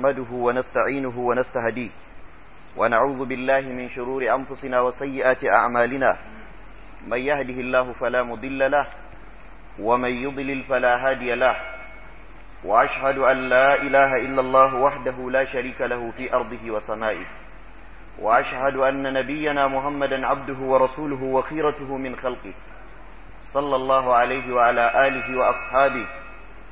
نحمده ونستعينه ونستهديه ونعوذ بالله من شرور أنفسنا وسيئات أعمالنا من يهده الله فلا مضل له ومن يضلل فلا هادي له وأشهد أن لا إله إلا الله وحده لا شريك له في أرضه وسمائه وأشهد أن نبينا محمدا عبده ورسوله وخيرته من خلقه صلى الله عليه وعلى آله وأصحابه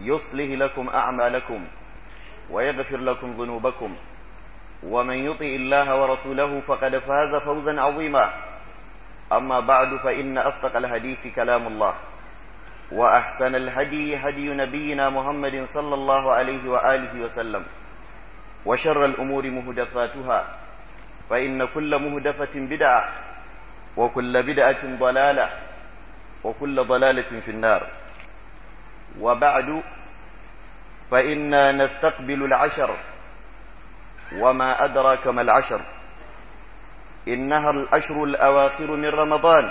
يصلح لكم أعمالكم ويغفر لكم ذنوبكم ومن يطيء الله ورسوله فقد فاز فوزا عظيما أما بعد فإن أصدق الهديث كلام الله وأحسن الهدي هدي نبينا محمد صلى الله عليه وآله وسلم وشر الأمور مهدفاتها فإن كل مهدفة بدعة وكل بدعة ضلالة وكل ضلالة في النار وبعد فإنا نستقبل العشر وما أدراك ما العشر إنها الأشر الأواخر من رمضان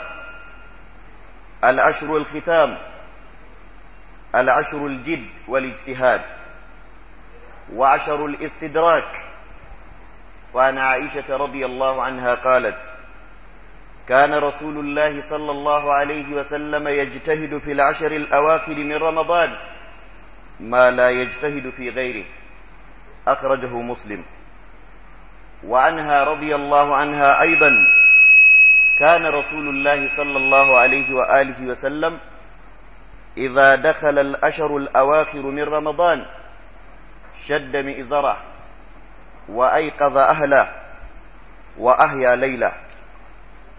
العشر الختام العشر الجد والاجتهاد وعشر الاستدراك وعن عائشة رضي الله عنها قالت كان رسول الله صلى الله عليه وسلم يجتهد في العشر الأواخر من رمضان ما لا يجتهد في غيره أخرجه مسلم وعنها رضي الله عنها أيضا كان رسول الله صلى الله عليه وآله وسلم إذا دخل الأشر الأواخر من رمضان شد مئزره وأيقظ أهله وأحيا ليله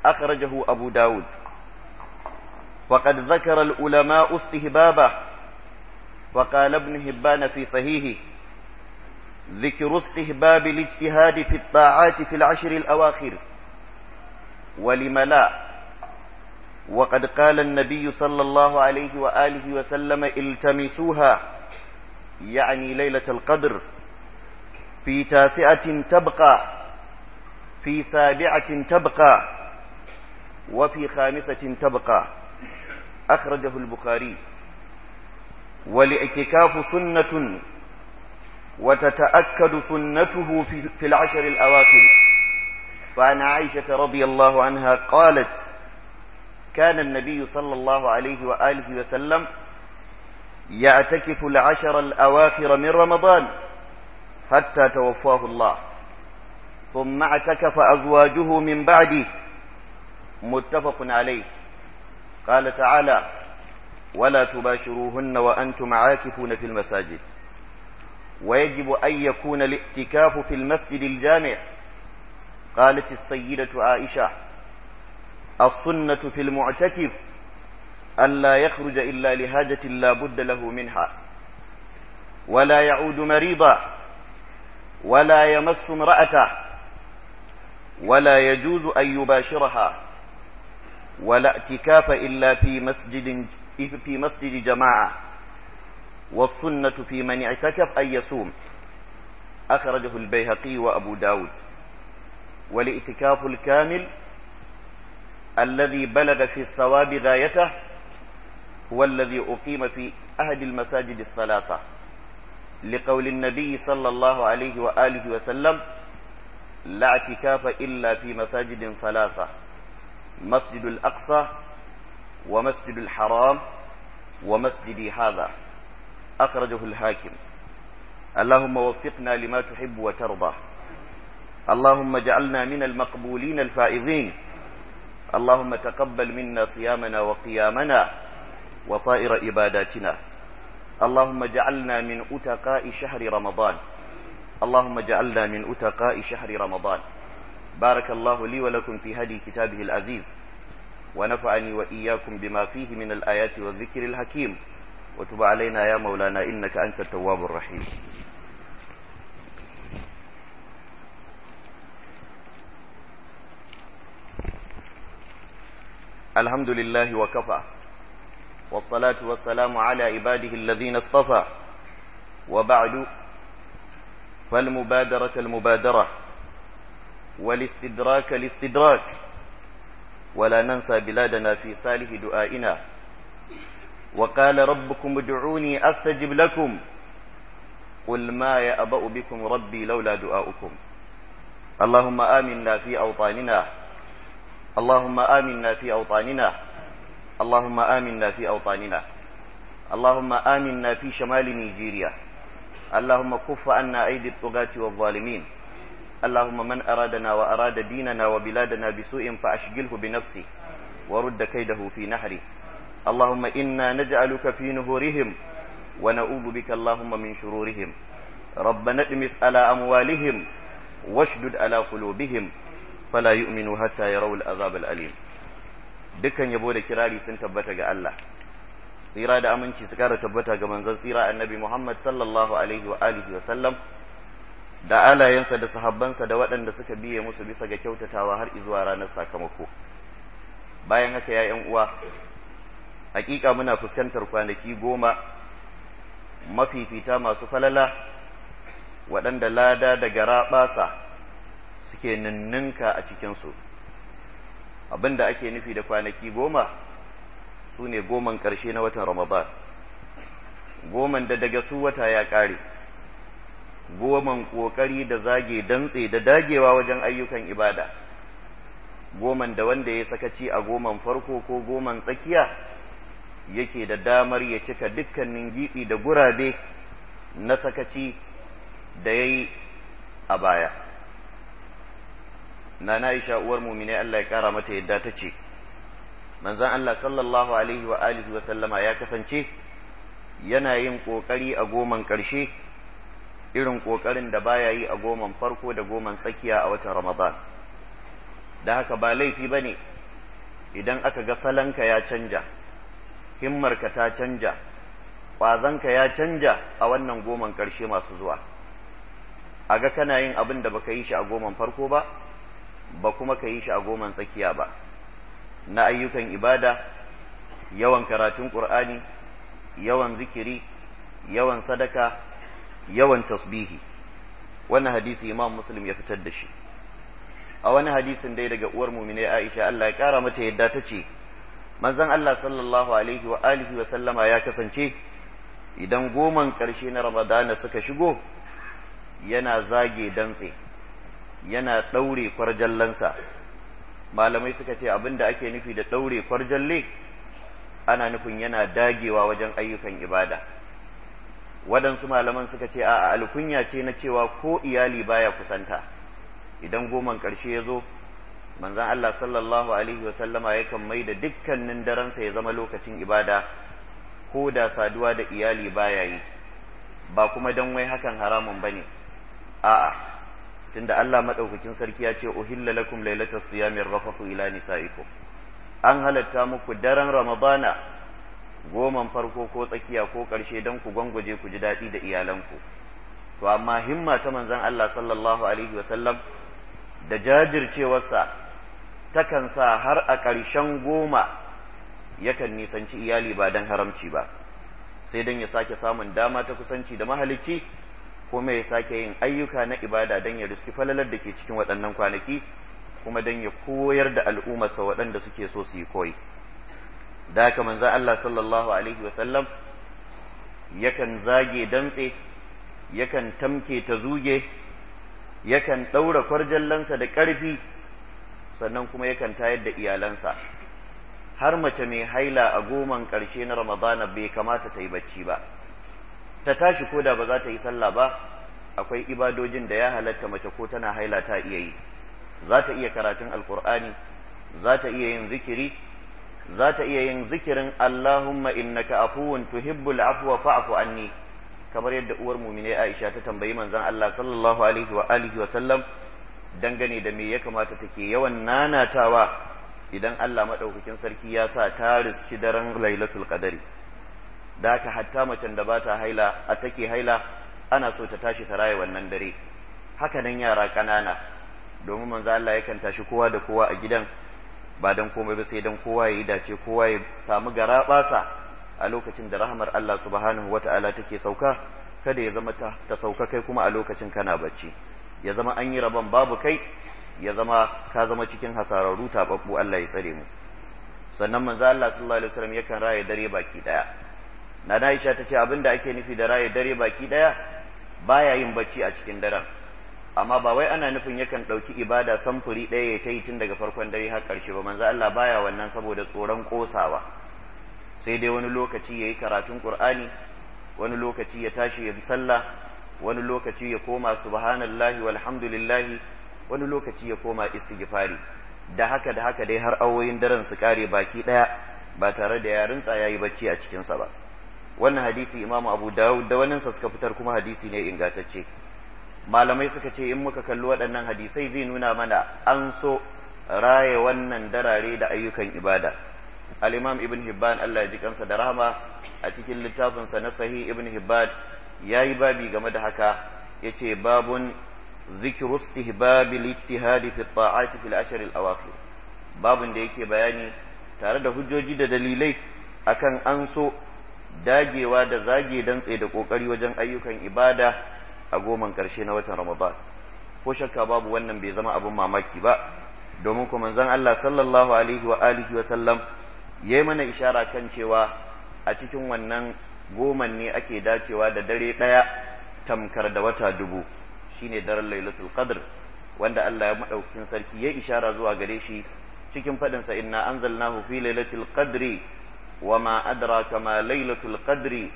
أخرجه أبو داود وقد ذكر العلماء استهبابه وقال ابن هبان في صحيحه ذكر استهباب الاجتهاد في الطاعات في العشر الأواخر ولم لا وقد قال النبي صلى الله عليه وآله وسلم التمسوها يعني ليلة القدر في تاسعة تبقى في سابعة تبقى وفي خامسة تبقى أخرجه البخاري والاعتكاف سنة وتتأكد سنته في العشر الأواخر فعن عائشة رضي الله عنها قالت كان النبي صلى الله عليه وآله وسلم يعتكف العشر الأواخر من رمضان حتى توفاه الله ثم اعتكف أزواجه من بعده متفق عليه قال تعالى ولا تباشروهن وأنتم عاكفون في المساجد ويجب أن يكون الاعتكاف في المسجد الجامع قالت السيدة عائشة السنة في المعتكف ألا يخرج إلا لهاجة لا بد له منها ولا يعود مريضا ولا يمس امرأة ولا يجوز أن يباشرها ولا اعتكاف إلا في مسجد في مسجد جماعة والسنة في من اعتكف أن يصوم أخرجه البيهقي وأبو داود والاعتكاف الكامل الذي بلغ في الثواب غايته هو الذي أقيم في أحد المساجد الثلاثة لقول النبي صلى الله عليه وآله وسلم لا اعتكاف إلا في مساجد ثلاثة مسجد الأقصى ومسجد الحرام ومسجدي هذا أخرجه الهاكم اللهم وفقنا لما تحب وترضى اللهم اجعلنا من المقبولين الفائزين اللهم تقبل منا صيامنا وقيامنا وصائر عباداتنا اللهم اجعلنا من أتقاء شهر رمضان اللهم اجعلنا من أتقاء شهر رمضان بارك الله لي ولكم في هدي كتابه العزيز ونفعني وإياكم بما فيه من الآيات والذكر الحكيم وتب علينا يا مولانا إنك أنت التواب الرحيم الحمد لله وكفى والصلاة والسلام على عباده الذين اصطفى وبعد فالمبادرة المبادرة والاستدراك الاستدراك ولا ننسى بلادنا في صالح دعائنا وقال ربكم ادعوني أستجب لكم قل ما يأبأ بكم ربي لولا دعاؤكم اللهم آمنا في أوطاننا اللهم آمنا في أوطاننا اللهم آمنا في أوطاننا اللهم آمنا في شمال نيجيريا اللهم كف عنا أيدي الطغاة والظالمين اللهم من أرادنا وأراد ديننا وبلادنا بسوء فأشغله بنفسه ورد كيده في نحره اللهم إنا نجعلك في نهورهم ونعوذ بك اللهم من شرورهم ربنا اطمس على أموالهم واشدد على قلوبهم فلا يؤمنوا حتى يروا العذاب الأليم dukkan yabo da kirari sun tabbata ga Allah tsira da aminci su kara tabbata ga manzon tsira annabi Muhammad sallallahu alaihi wa alihi wa sallam da alayensa da sahabbansa da waɗanda suka biye musu bisa ga kyautatawa har izuwa ranar sakamako bayan haka ya uwa hakika muna fuskantar kwanaki goma mafifita masu falala waɗanda lada da garaɓasa suke ninninka a cikinsu abinda ake nufi da kwanaki goma su ne goman ƙarshe na watan ramadan goman da daga su wata ya ƙare goman ƙoƙari da zage dantse da dagewa wajen ayyukan ibada goman da wanda ya sakaci a goman farko ko goman tsakiya yake da damar ya cika dukkanin giɓi da gurabe na sakaci da ya yi a baya na na isha uwar mumine Allah ya kara mata yadda ta ce manzan Allah sallallahu alaihi wa alihi wa sallama ya kasance yana yin ƙoƙari a goman ƙarshe irin ƙoƙarin da baya yi a goman farko da goman tsakiya a watan ramadan da haka ba laifi ba ne idan aka ga salanka ya canja himmarka ta canja ƙwazonka ya canja a wannan goman ƙarshe masu zuwa a ga kana yin abin da baka yi shi a goman farko ba ba kuma ka yi shi a goman tsakiya ba na ayyukan ibada yawan karatun ƙur'ani yawan zikiri yawan sadaka yawan tasbihi wannan hadisi imam muslim ya fitar da shi a wani hadisin dai daga uwar mumine aisha Allah ya kara mata yadda ta ce manzon Allah sallallahu alaihi wa alihi wa sallama ya kasance idan goman karshe na ramadana suka shigo yana zage dantse yana ɗaure kwarjallansa malamai suka ce abin da ake nufi da ɗaure kwarjalle ana nufin yana dagewa wajen ayyukan ibada waɗansu malaman suka ce a alkunya ce na cewa ko iyali baya kusanta idan goman ƙarshe ya zo manzan Allah sallallahu alaihi wasallama yakan mai da dukkanin daransa ya zama lokacin ibada ko da saduwa da iyali baya yi ba kuma don wai hakan haramun ba ne a'a tunda Allah maɗaukakin sarki ya ce uhilla lakum lailatul siyamin rafasu ila nisaikum an halatta muku daren ramadana goman farko ko tsakiya ko ƙarshe don ku gwangwaje ku ji daɗi da iyalanku to amma himma ta manzan Allah sallallahu alaihi wasallam da jajircewarsa takan sa har a ƙarshen goma yakan nisanci iyali ba don haramci ba sai don ya sake samun dama ta kusanci da mahalicci kuma ya sake yin ayyuka na ibada don ya riski falalar da ke cikin waɗannan kwanaki kuma don ya koyar da al'ummarsa waɗanda suke so su yi koyi da haka manzo Allah sallallahu alaihi wasallam yakan zage dantse yakan tamke ta zuge yakan ɗaura kwarjallansa da ƙarfi sannan kuma yakan tayar da iyalansa har mace mai haila a goman ƙarshe na ramadana bai kamata ta yi bacci ba ta tashi ko da ba za ta yi sallah ba akwai ibadojin da ya halatta mace ko tana haila ta iya yi za ta iya karatun alkur'ani za ta iya yin zikiri za ta iya yin zikirin Allahumma ka afuwun tuhibbul afwa fa'fu anni kamar yadda uwar mumine Aisha ta tambayi manzon Allah sallallahu alaihi wa alihi wa sallam dangane da me ya kamata take yawan nanatawa idan Allah madaukakin sarki ya sa ta riski daren Lailatul Qadari da haka hatta macen da bata haila a take haila ana so ta tashi ta raye wannan dare haka nan yara ƙanana. domin manzo Allah yakan tashi kowa da kowa a gidan ba dan komai ba sai dan kowa ya yi dace kowa ya samu gara a lokacin da rahamar Allah subhanahu wata'ala take sauka kada ya zama ta, sauka kai kuma a lokacin kana bacci ya zama an yi rabon babu kai ya zama ka zama cikin hasararru tababbu Allah ya tsare mu sannan manzo Allah sallallahu alaihi wasallam yakan raye dare baki daya Nana Aisha tace abinda ake nufi da raye dare baki daya baya yin bacci a cikin daren amma ba wai ana nufin yakan ɗauki ibada samfuri ɗaya ya ta yi tun daga farkon dare har ƙarshe ba manzo Allah baya wannan saboda tsoron ƙosawa sai dai wani lokaci ya yi karatun ƙur'ani wani lokaci ya tashi ya sallah wani lokaci ya koma subhanallahi walhamdulillahi wani lokaci ya koma istighfari da haka da haka dai har awoyin daren su kare baki ɗaya ba tare da ya rintsa yayi bacci a cikinsa ba wannan hadisi imamu abu dawud da waninsa suka fitar kuma hadisi ne ingantacce malamai suka ce in muka kalli waɗannan hadisai zai nuna mana an so raye wannan darare da ayyukan ibada Alimam imam ibn hibban Allah ya ji kansa da rahama a cikin littafinsa na sahi ibn hibban yi babi game da haka yace babun zikru istihbab al-ijtihad fi at-ta'ati fi al-ashr al babun da yake bayani tare da hujjoji da dalilai akan an so dagewa da zage dantse da kokari wajen ayyukan ibada a goman ƙarshe na watan ramadan ko shakka babu wannan bai zama abin mamaki ba domin kuma manzon Allah sallallahu alaihi wa alihi wa sallam yayi mana ishara kan cewa a cikin wannan goman ne ake dacewa da dare ɗaya tamkar da wata dubu shine daren lailatul qadr wanda Allah ya madaukakin sarki ya ishara zuwa gare shi cikin fadin sa inna anzalnahu fi lailatul qadri wa ma adraka ma lailatul qadri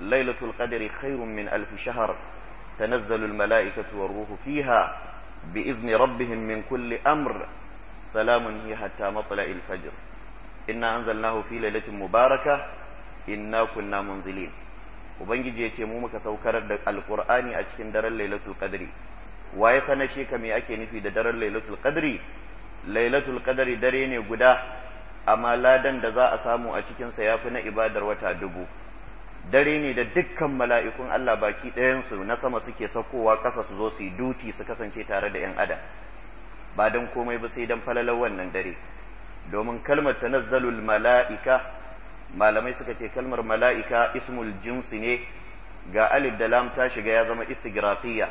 lailatul qadri khairun min alf shahr تنزل الملائكة والروح فيها بإذن ربهم من كل أمر سلام هي حتى مطلع الفجر إنا أنزلناه في ليلة مباركة إنا كنا منزلين ubangiji ya ce mu muka saukar da alkur'ani a cikin daren lailatul qadri waye sana shi ka me ake nufi da daren lailatul qadri lailatul qadri dare ne guda amma ladan da za a samu a cikin sa yafi na ibadar wata dubu dare ne da dukkan mala'ikun Allah baki ɗayansu na sama suke saukowa ƙasa su zo su yi duti su kasance tare da ‘yan adam ba don komai ba sai don falalar wannan dare domin kalmar ta tanazzalul mala'ika malamai suka ce kalmar mala'ika ismul jinsi ne ga alif da lam ta shiga ya zama istigrafiya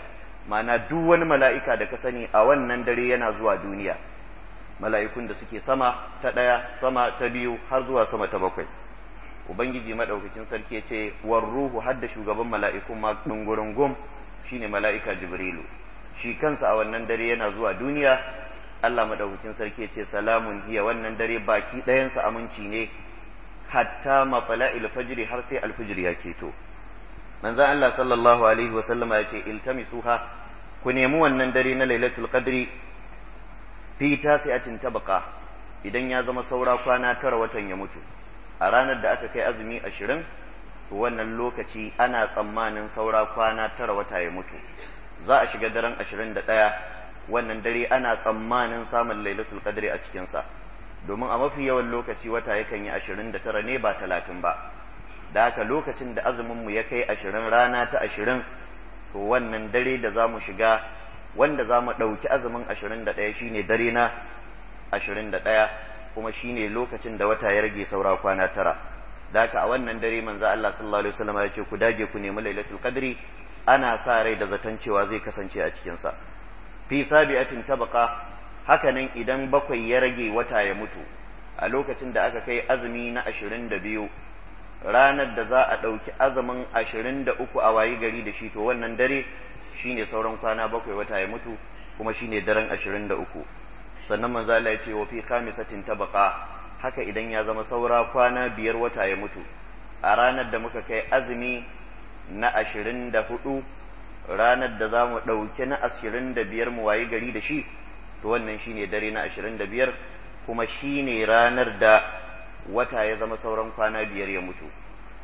ma'ana duk wani mala'ika da ka sani a wannan dare yana zuwa duniya mala'ikun da suke sama ta ɗaya sama ta biyu har zuwa sama ta bakwai ubangiji madaukakin sarki ya ce war ruhu hadda shugaban mala'iku ma gurin gum shine mala'ika jibrilu shi kansa a wannan dare yana zuwa duniya Allah madaukakin sarki ya ce salamun hiya wannan dare baki ɗayansa aminci ne hatta Fala'il fajri har sai Alfajiri ya keto manzo Allah sallallahu alaihi wa sallama ya ce iltamisuha ku nemi wannan dare na lailatul qadri fi tasi'atin tabqa idan ya zama saura kwana tara watan ya mutu a ranar da aka kai azumi ashirin to wannan lokaci ana tsammanin saura kwana tara wata ya mutu za a shiga daren ashirin da ɗaya wannan dare ana tsammanin samun lailatul qadri a cikinsa domin a mafi yawan lokaci wata yakan yi ashirin da tara ne ba talatin ba da haka lokacin da azuminmu ya kai ashirin rana ta ashirin to wannan dare da za mu shiga wanda za mu ɗauki azumin ashirin da ɗaya shine dare na ashirin da ɗaya kuma shine lokacin da wata ya rage saura kwana tara da haka a wannan dare manzo Allah sallallahu alaihi wasallam ya ce ku dage ku nemi lailatul qadri ana sa rai da zaton cewa zai kasance a cikin sa fi sabi'atin tabaqa nan idan bakwai ya rage wata ya mutu a lokacin da aka kai azumi na 22 ranar da za a ɗauki azumin 23 a wayi gari da shi to wannan dare shine sauran kwana bakwai wata ya mutu kuma shine daren 23 sannan manzo Allah ce wa fi khamisatin tabaqa haka idan ya zama saura kwana biyar wata ya mutu a ranar da muka kai azumi na ashirin da hudu ranar da zamu mu na ashirin da biyar mu wayi gari da shi to wannan shine dare na ashirin da biyar kuma shine ranar da wata ya zama sauran kwana biyar ya mutu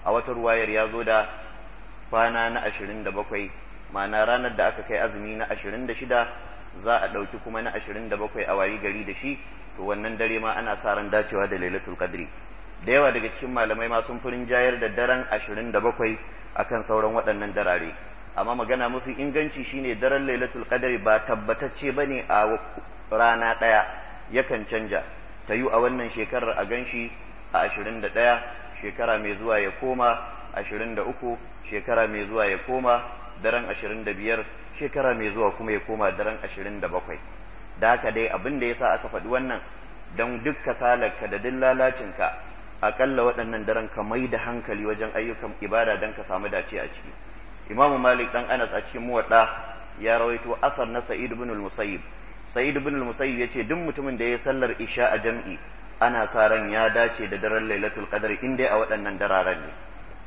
a wata ruwayar ya zo da kwana na ashirin da bakwai ma'ana ranar da aka kai azumi na ashirin da shida za a ɗauki kuma na 27 a wayi gari da shi to wannan dare ma ana sa ran dacewa da lailatul qadri da yawa daga cikin malamai ma sun furin jayar da daren 27 akan sauran waɗannan darare amma magana mafi inganci shine daren lailatul qadri ba tabbatacce bane a rana ɗaya yakan canja ta yi a wannan shekarar a ganshi a 21 shekara mai zuwa ya koma ashirin shekara mai zuwa ya koma daren ashirin shekara mai zuwa kuma ya koma daren ashirin da bakwai da haka dai abin da ya sa aka faɗi wannan don duk kasalarka da duk lalacinka aƙalla waɗannan daren ka mai da hankali wajen ayyukan ibada don ka samu dace a ciki imamu malik ɗan anas a cikin muwaɗa ya rawaito asar na sa'id ibn al-musayyib sa'id ibn al-musayyib yace duk mutumin da ya sallar isha a jam'i ana sa ran ya dace da daren lailatul qadr in dai a waɗannan dararen ne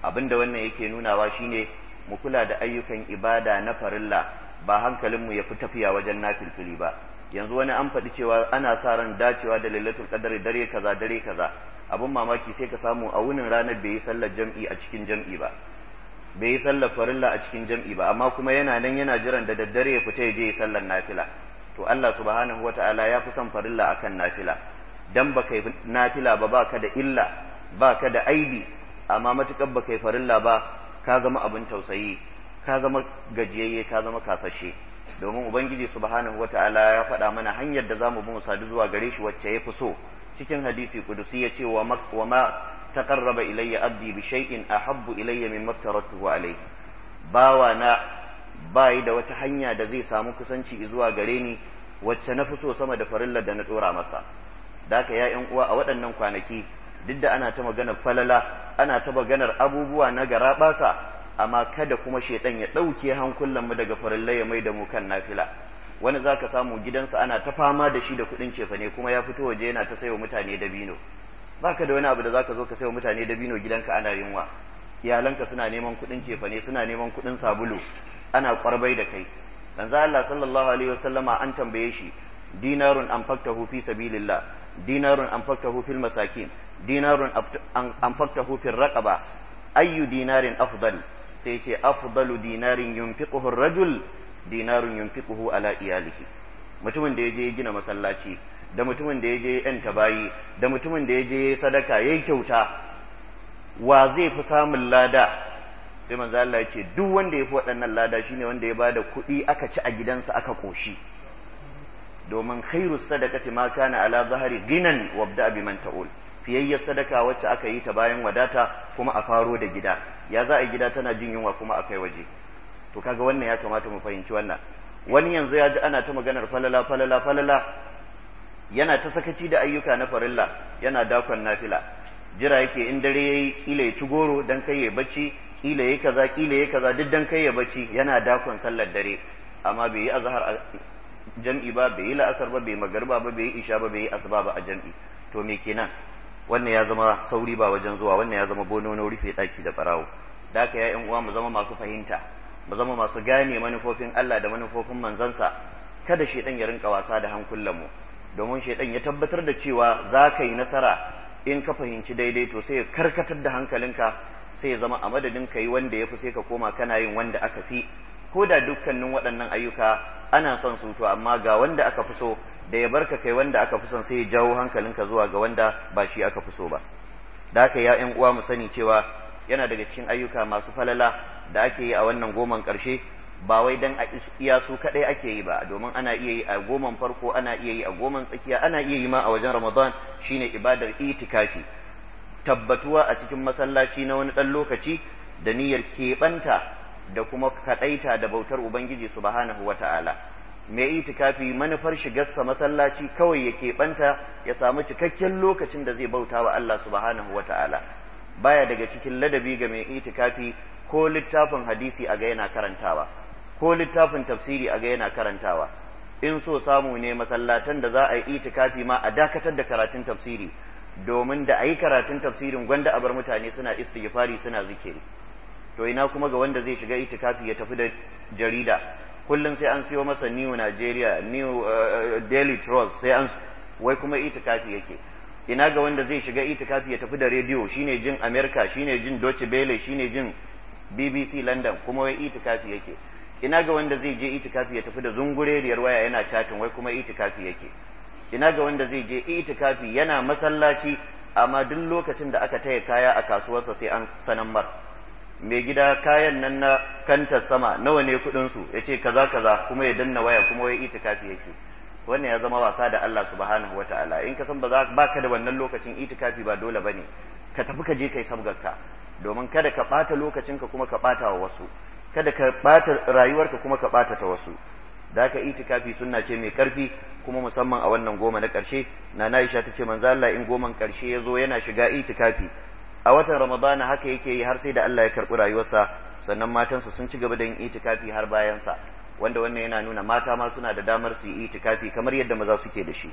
abinda wannan yake nunawa shine mu kula da ayyukan ibada na farilla ba hankalinmu ya fi tafiya wajen nafilfili ba yanzu wani an faɗi cewa ana sa ran dacewa da lailatul qadr dare kaza dare kaza abin mamaki sai ka samu a wunin ranar bai yi sallar jam'i a cikin jam'i ba bai yi sallar farilla a cikin jam'i ba amma kuma yana nan yana jiran da daddare ya fita ya je sallar nafila to Allah subhanahu wata'ala ya fi son farilla akan nafila dan baka nafila ba baka da illa baka da aibi amma matukar ba kai farilla ba ka zama abin tausayi ka zama gajiyayye ka zama kasashe domin ubangiji subhanahu wataala ya faɗa mana hanyar da zamu bi mu sadu zuwa gare shi wacce ya fi so cikin hadisi kudusi ya ce wa ma taqarraba ilayya abdi bi shay'in ahabbu ilayya min tarattuhu alayhi bawa na bai da wata hanya da zai samu kusanci zuwa gare ni wacce na fi so sama da farillar da na dora masa daka ya yan uwa a waɗannan kwanaki duk da ana ta maganar falala ana ta maganar abubuwa na garaɓasa amma kada kuma shaidan ya ɗauke hankulan mu daga farilla ya mai da mu kan nafila wani zaka samu gidansa ana ta fama da shi da kuɗin cefane kuma ya fito waje yana ta sayo mutane dabino baka da wani abu da zaka zo ka sayo mutane dabino gidanka ana yunwa iyalanka suna neman kuɗin cefane suna neman kuɗin sabulu ana kwarbai da kai manzo Allah sallallahu alaihi wasallama an tambaye shi dinarun an hufi fi sabilillah dinarun anfaqtahu fil masakin dinarun anfaqtahu fil raqaba ayyu dinarin afdal sai ce afdalu dinarin yunfiquhu ar-rajul dinarun yunfiquhu mutumin da je gina masallaci da mutumin da je yan tabayi da mutumin da je sadaka yayi kyauta wa zai fi samun lada sai manzo Allah ya ce duk wanda ya fi waɗannan lada shine wanda ya bada kuɗi aka ci a gidansa aka koshi domin khairu sadaqati ma kana ala zahari ginan wabda bi man ta'ul fiyayyar sadaka wacce aka yi ta bayan wadata kuma a faro da gida ya za a gida tana jin yunwa kuma a kai waje to kaga wannan ya kamata mu fahimci wannan wani yanzu ya ji ana ta maganar falala falala falala yana ta sakaci da ayyuka na farilla yana dakon nafila jira yake in dare yayi kila ya ci goro dan kai ya bacci kila yayi kaza kila yayi kaza duk dan kai ya bacci yana dakon sallar dare amma bai yi azhar jam'i ba bai yi la'asar ba bai magarba ba bai yi isha ba bai yi asuba ba a jam'i to me kenan wannan ya zama sauri ba wajen zuwa wannan ya zama bonono rufe daki da barawo da ka yayin uwa mu zama masu fahimta mu zama masu gane manufofin Allah da manufofin manzansa kada shedan ya rinka wasa da hankulan mu domin shedan ya tabbatar da cewa za ka yi nasara in ka fahimci daidai to sai ya karkatar da hankalinka sai ya zama a madadin ka yi wanda ya fi sai ka koma kana yin wanda aka fi ko da dukkanin waɗannan ayyuka ana son su to amma ga wanda aka fi so da ya barka kai wanda aka fi son sai ya jawo hankalinka zuwa ga wanda ba shi aka fi so ba da haka ya ƴan uwa mu sani cewa yana daga cikin ayyuka masu falala da ake yi a wannan goman ƙarshe ba wai dan a iya su kadai ake yi ba domin ana iya yi a goman farko ana iya yi a goman tsakiya ana iya yi ma a wajen Ramadan shine ibadar itikafi tabbatuwa a cikin masallaci na wani ɗan lokaci da niyyar keɓanta da kuma kadaita da bautar ubangiji subhanahu wata'ala mai itikafi manufar shigarsa masallaci kawai yake banta ya samu cikakken lokacin da zai bauta wa Allah subhanahu ta'ala baya daga cikin ladabi ga mai itikafi ko littafin hadisi a ga yana karantawa ko littafin tafsiri a ga yana karantawa in so samu ne masallatan da za a yi itikafi ma a dakatar da karatun tafsiri domin da a yi karatun tafsirin gwanda a bar mutane suna istighfari suna zikiri to ina kuma ga wanda zai shiga itikafi ya tafi da jarida kullum sai an siyo masa new Nigeria new uh, uh, daily trust sai an wai kuma itikafi yake ina ga wanda zai shiga itikafi ya tafi da rediyo shine jin America shine jin Deutsche Welle shine jin BBC London kuma wai itikafi yake ina ga wanda zai je itikafi ya tafi da riyar waya yana chatin wai kuma itikafi yake ina ga wanda zai je itikafi yana masallaci amma duk lokacin da aka taya kaya a kasuwarsa sai an sanan mar mai gida kayan nan na kantar sama nawa ne kuɗin ya ce kaza kaza kuma ya danna waya kuma wai itikafi yake wannan ya zama wasa da Allah subhanahu ta'ala. in ka san ba za baka da wannan lokacin itikafi ba dole bane ka tafi ka je kai sabgarka domin kada ka ɓata lokacinka kuma ka ɓata wa wasu kada ka ɓata rayuwarka kuma ka bata ta wasu da haka itikafi sunna ce mai karfi kuma musamman a wannan goma na karshe na Aisha tace manzo Allah in goman ƙarshe zo yana shiga itikafi a watan ramadana haka yake yi har sai da Allah ya karɓi rayuwarsa sannan matansa sun ci gaba da yin itikafi har bayansa wanda wannan yana nuna mata ma suna da damar su yi itikafi kamar yadda maza suke da shi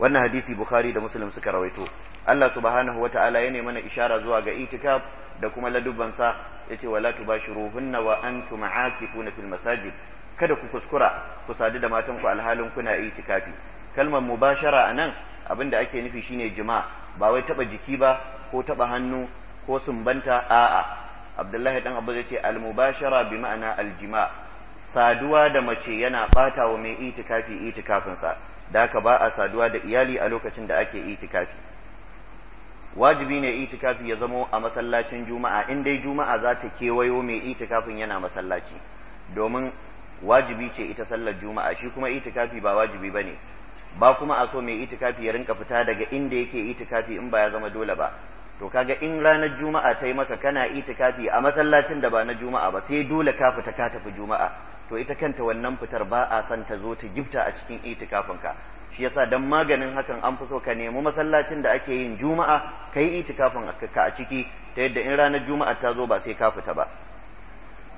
wannan hadisi bukhari da muslim suka rawaito Allah subhanahu wataala ya ne mana ishara zuwa ga itikaf da kuma sa yace wala tubashiruhunna wa antum aakifuna fil masajid kada ku kuskura ku sadu da matan ku alhalin kuna itikafi kalmar mubashara anan abinda ake nufi shine jima'a ba wai taba jiki ba ko taba hannu ko sumbanta a'a abdullahi dan abu zai ce almubashara bi ma'ana aljima saduwa da mace yana bata wa mai itikafi itikafinsa da ka ba a saduwa da iyali a lokacin da ake itikafi wajibi ne itikafi ya zamo a masallacin juma'a in dai juma'a za ta kewayo mai itikafin yana masallaci domin wajibi ce ita sallar juma'a shi kuma itikafi ba wajibi bane ba kuma a so mai itikafi ya rinka fita daga inda yake itikafi in ba ya zama dole ba to kaga in ranar juma'a ta yi maka kana itikafi a masallacin da ba na juma'a ba sai dole ka fita ka tafi juma'a to ita kanta wannan fitar ba a son ta zo ta gifta a cikin itikafin ka shi yasa dan maganin hakan an fi so ka nemi masallacin da ake yin juma'a kai itikafin ka a ciki ta yadda in ranar juma'a ta zo ba sai ka fita ba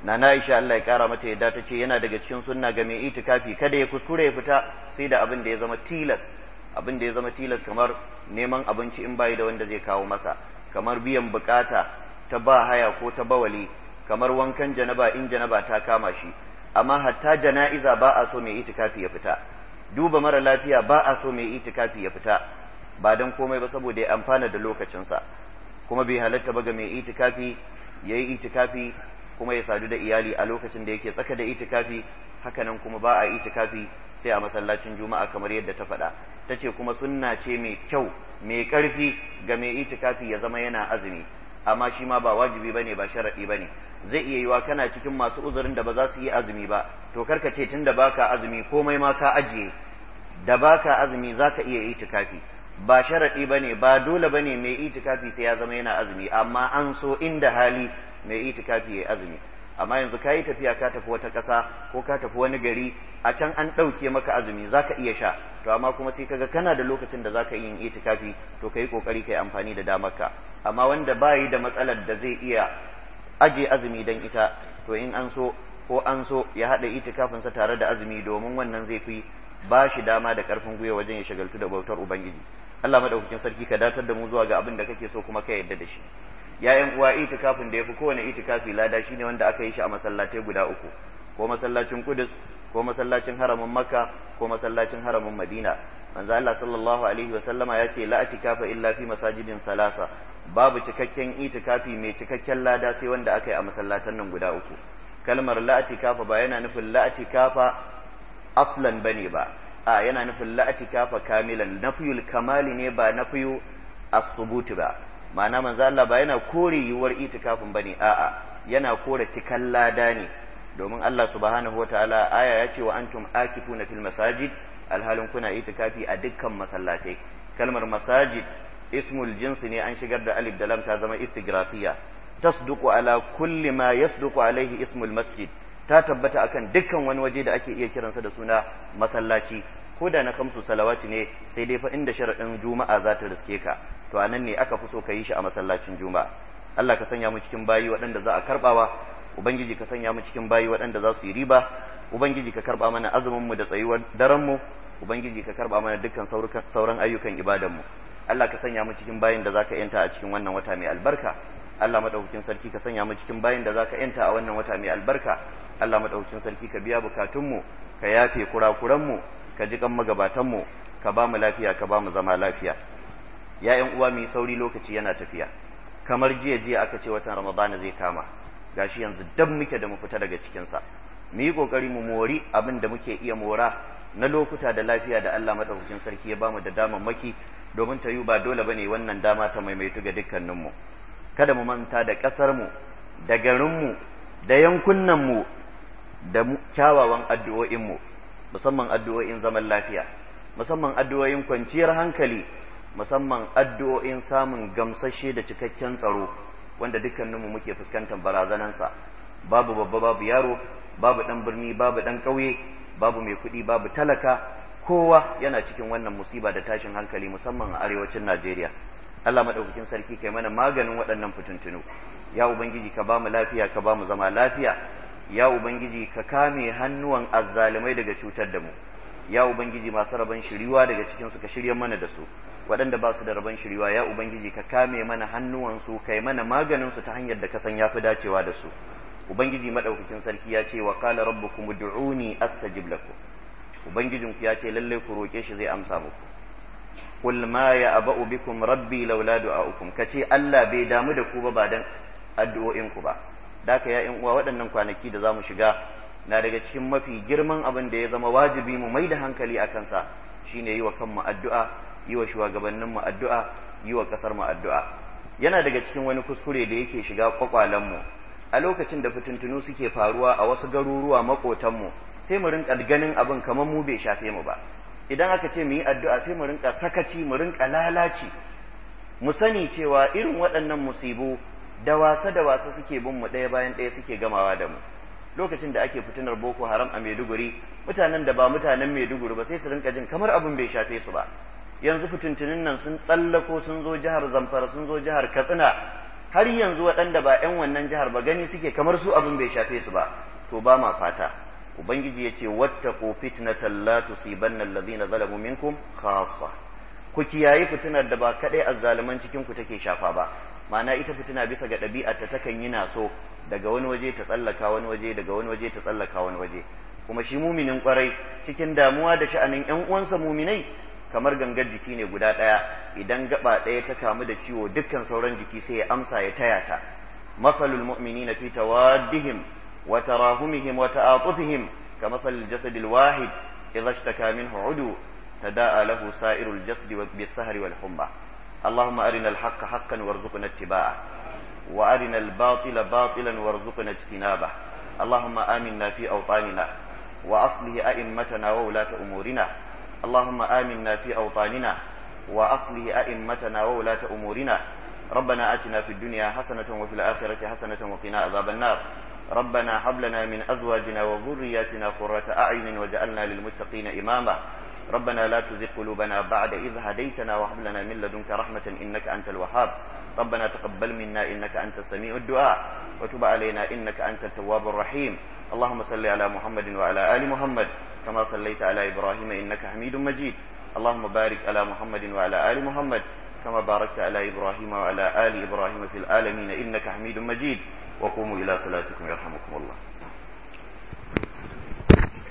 nana Aisha Allah ya kara mata yadda ta ce yana daga cikin sunna ga mai itikafi kada ya kuskure ya fita sai da abin da ya zama tilas abin da ya zama tilas kamar neman abinci in bayi da wanda zai kawo masa kamar biyan bukata ta ba haya ko ta bawali kamar wankan janaba in janaba ta kama shi amma hatta jana'iza ba a so mai itikafi ya fita duba mara lafiya ba a so mai itikafi ya fita ba dan komai ba saboda ya amfana da lokacinsa kuma bai halatta ba ga mai itikafi yayi itikafi kuma ya sadu da iyali a lokacin da yake tsaka da itikafi hakanan kuma ba a itikafi sai a masallacin juma'a kamar yadda ta faɗa ta ce kuma sunna ce mai kyau mai ƙarfi ga mai itikafi ya zama yana azumi amma shi ma ba wajibi ba ne ba sharaɗi ba ne zai iya yiwa kana cikin masu uzurin da ba za su yi azumi ba to karka ce tun da baka azumi komai ma ka ajiye da baka azumi za ka iya itikafi ba sharaɗi ba ne ba dole ba ne mai itikafi sai ya zama yana azumi amma an so inda hali mai itikafi ya azumi amma yanzu ka yi tafiya ka tafi wata ƙasa ko ka tafi wani gari a can an ɗauke maka azumi za ka iya sha to amma kuma sai kaga kana da lokacin da za ka yi itikafi to ka yi ƙoƙari ka yi amfani da damar ka amma wanda ba yi da matsalar da zai iya aje azumi don ita to in an so ko an so ya haɗa itikafinsa tare da azumi domin wannan zai fi ba shi dama da ƙarfin gwiwa wajen ya shagaltu da bautar ubangiji Allah madaukakin sarki ka datar da mu zuwa ga abin da kake so kuma ka yarda da shi ya yan uwa itikafin da yafi kowane itikafi lada shine wanda aka yi shi a masallatai guda uku ko masallacin kudus ko masallacin haramin Makka ko masallacin haramin Madina manzo Allah sallallahu alaihi wasallama ya ce la itikafa illa fi masajidin salasa babu cikakken itikafi mai cikakken lada sai wanda aka yi a masallatan nan guda uku kalmar la itikafa ba yana nufin la itikafa aslan bane ba a yana nufin la itikafa kamilan nafyul kamali ne ba nafiyu as ba ma'ana manzo Allah ba yana kore yiwuwar itikafin bane a'a yana kore cikan lada ne domin Allah subhanahu wataala aya ya ce wa antum akifuna fil masajid alhalin kuna itikafi a dukkan masallatai kalmar masajid ismul jinsi ne an shigar da alif da lam ta zama istigrafiya tasduqu ala kulli ma yasduqu alaihi ismul masjid ta tabbata akan dukkan wani waje da ake iya kiransa da suna masallaci ko da na kamsu salawati ne sai dai fa inda sharaɗin juma'a za ta riske ka to a nan ne aka fi so ka yi shi a masallacin juma'a Allah ka sanya mu cikin bayi waɗanda za a karɓawa ubangiji ka sanya mu cikin bayi waɗanda za su yi riba ubangiji ka karɓa mana azumin mu da tsayuwar daren mu ubangiji ka karɓa mana dukkan sauran ayyukan ibadan mu Allah ka sanya mu cikin bayin da za ka yanta a cikin wannan wata mai albarka Allah madaukakin sarki ka sanya mu cikin bayin da za ka yanta a wannan wata mai albarka Allah madaukakin sarki ka biya bukatun mu ka yafe kurakuran mu ka ji kan magabatanmu ka ba mu lafiya ka ba mu zama lafiya ya'yan uwa mai sauri lokaci yana tafiya kamar jiya jiya aka ce watan ramadana zai kama gashi yanzu dab muke da mu fita daga cikin sa mu yi kokari mu mori abin da muke iya mora na lokuta da lafiya da Allah madaukakin sarki ya bamu da maki domin ta yi ba dole bane wannan dama ta maimaitu ga mu kada mu manta da mu da mu da mu da kyawawan addu'o'in mu musamman addu'o'in zaman lafiya musamman addu'o'in kwanciyar hankali musamman addu'o'in samun gamsashe da cikakken tsaro wanda dukkaninmu muke fuskantar barazanansa babu babba babu yaro babu ɗan birni babu ɗan ƙauye babu mai kuɗi babu talaka kowa yana cikin wannan musiba da tashin hankali musamman a arewacin Najeriya Allah madaukakin sarki kai mana maganin waɗannan fituntunu ya ubangiji ka ba mu lafiya ka ba mu zama lafiya ya ubangiji ka kame hannuwan azzalumai daga cutar da mu ya ubangiji masu rabon shiriwa daga cikin suka ka shirye mana da su waɗanda ba su da rabon shiriwa ya ubangiji ka kame mana hannuwan su kai mana maganin su ta hanyar da ka san yafi dacewa da su ubangiji madaukakin sarki ya ce wa qala rabbukum ud'uni astajib lakum ubangijinku ya ce lallai ku roke shi zai amsa muku qul ma ya bikum rabbi laula du'a'ukum kace Allah bai damu da ku ba ba dan addu'o'inku ba Daka ya ya uwa waɗannan kwanaki da za mu shiga na daga cikin mafi girman abin da ya zama wajibi mu mai da hankali a kansa shine yi wa kanmu addu'a yi wa shugabanninmu addu'a yi wa mu addu'a yana daga cikin wani kuskure da yake shiga ƙwaƙwalenmu a lokacin da fitintunu suke faruwa a wasu garuruwa maƙotanmu sai mu rinƙa ganin abin kamar mu bai shafe mu ba idan aka ce mu yi addu'a sai mu rinƙa sakaci mu rinƙa lalaci mu sani cewa irin waɗannan musibu da wasa da wasa suke bin mu ɗaya bayan ɗaya suke gamawa da mu lokacin da ake fitinar boko haram a maiduguri mutanen da ba mutanen maiduguri ba sai su rinka jin kamar abin bai shafe su ba yanzu fitintunin nan sun tsallako sun zo jihar zamfara sun zo jihar katsina har yanzu waɗanda ba 'yan wannan jihar ba gani suke kamar su abin bai shafe su ba to ba ma fata ubangiji ya ce wattaqu fitnatan la tusibanna allazina zalamu minkum khassa ku kiyayi fitinar da ba kadai azzaluman cikin ku take shafa ba ma'ana ita fitina bisa ga ɗabi'arta takan yi naso daga wani waje ta tsallaka wani waje daga wani waje ta tsallaka wani waje kuma shi muminin kwarai cikin damuwa da sha'anin yan uwansa muminai kamar gangar jiki ne guda ɗaya idan gaba ɗaya ta kamu da ciwo dukkan sauran jiki sai ya amsa ya taya ta masalul mu'minina fi tawaddihim wa tarahumihim wa ta'atufihim wahid الجسد الواحد إذا udu منه عدو تداءى له سائر الجسد wal humma اللهم أرنا الحق حقا وارزقنا اتباعه وأرنا الباطل باطلا وارزقنا اجتنابه اللهم آمنا في أوطاننا وأصله أئمتنا وولاة أمورنا اللهم آمنا في أوطاننا وأصله أئمتنا وولاة أمورنا ربنا آتنا في الدنيا حسنة وفي الآخرة حسنة وقنا عذاب النار ربنا هب لنا من أزواجنا وذرياتنا قرة أعين وجعلنا للمتقين إماما ربنا لا تزغ قلوبنا بعد إذ هديتنا وهب لنا من لدنك رحمة إنك أنت الوهاب ربنا تقبل منا إنك أنت السميع الدعاء وتب علينا إنك أنت التواب الرحيم اللهم صل على محمد وعلى آل محمد كما صليت على إبراهيم إنك حميد مجيد اللهم بارك على محمد وعلى آل محمد كما باركت على إبراهيم وعلى آل إبراهيم في العالمين إنك حميد مجيد وقوموا إلى صلاتكم يرحمكم الله